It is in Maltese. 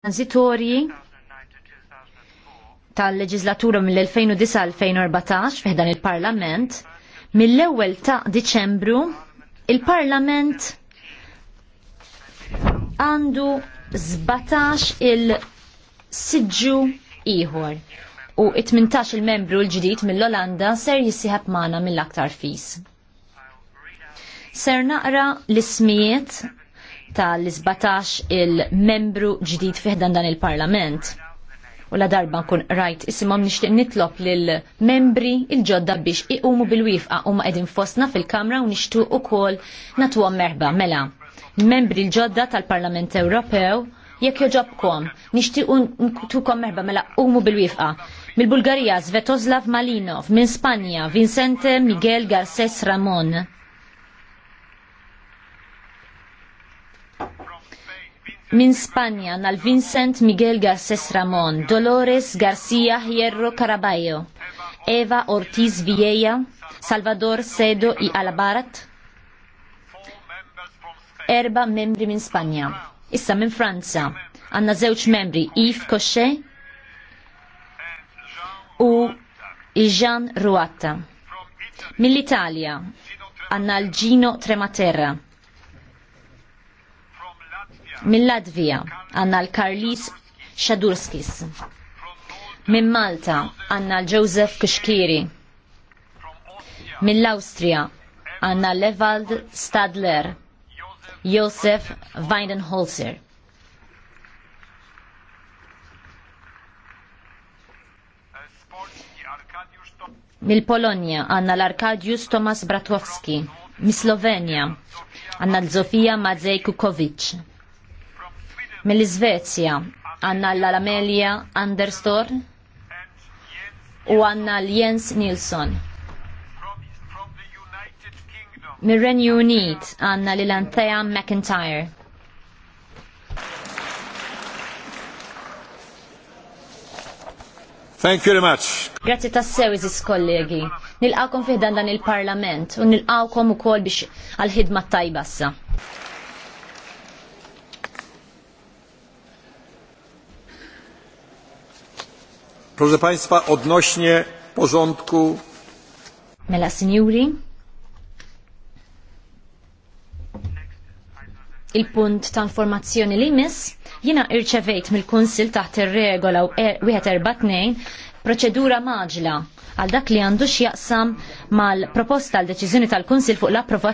transitorji tal-leġislatura mill-2009-2014 fiħdan il-Parlament, mill-ewwel ta' Diċembru il-Parlament għandu 17 il sidġu ieħor u 18 il-membru l-ġdid mill-Olanda ser jissiħab magħna mill-aktar fis. Ser naqra l-ismijiet tal-17 il-membru ġdid fiħdan dan il-parlament. U la darba nkun rajt isimom nishtiq nitlob lil-membri il-ġodda biex iqumu bil-wifqa u ma edin fosna fil-kamra u nishtu u kol natu merħba mela. Membri il-ġodda tal-Parlament Ewropew jekk joġobkom nishtiq nkutukom merħba mela umu bil-wifqa. Mil-Bulgarija Svetoslav Malinov, minn Spanja Vincente Miguel Garces Ramon. Min Spanja nal Vincent Miguel Garces Ramon, Dolores Garcia Hierro Caraballo, Eva Ortiz Vieja, Salvador Sedo i Alabarat, erba membri Min Spanja. Issa min Franza għanna zewċ membri Yves Cochet u Jean Ruatta. Mill-Italja għanna l-Gino Trematerra. Mill-Latvija għanna l-Karlis Xadurskis. Minn Malta għanna l-Joseph Kishkiri. Mill-Austria għanna evald Stadler. Josef Weidenholzer. mill polonja għanna l-Arkadius Tomas Bratowski. mill slovenja għanna l-Zofija Mazej Kukovic mill-Svezja għanna l-Alamelia Anderstorn u għanna l-Jens Nilsson. Mir-Renju Unit għanna l-Antea McIntyre. Thank you very much. Grazzi tassew iżis kollegi. Nilqawkom fiħdan dan il-parlament u nilqawkom u kol biex għal-ħidma tajbassa. Proszę Państwa, odnośnie porządku. Mela Signori. Il-punt ta' informazzjoni li mis jina irċevejt mill-Kunsil taħt ir-regola 142 er- proċedura maġla għal dak li għandu x'jaqsam mal-proposta għal deċiżjoni tal-Kunsil fuq l-approvazzjoni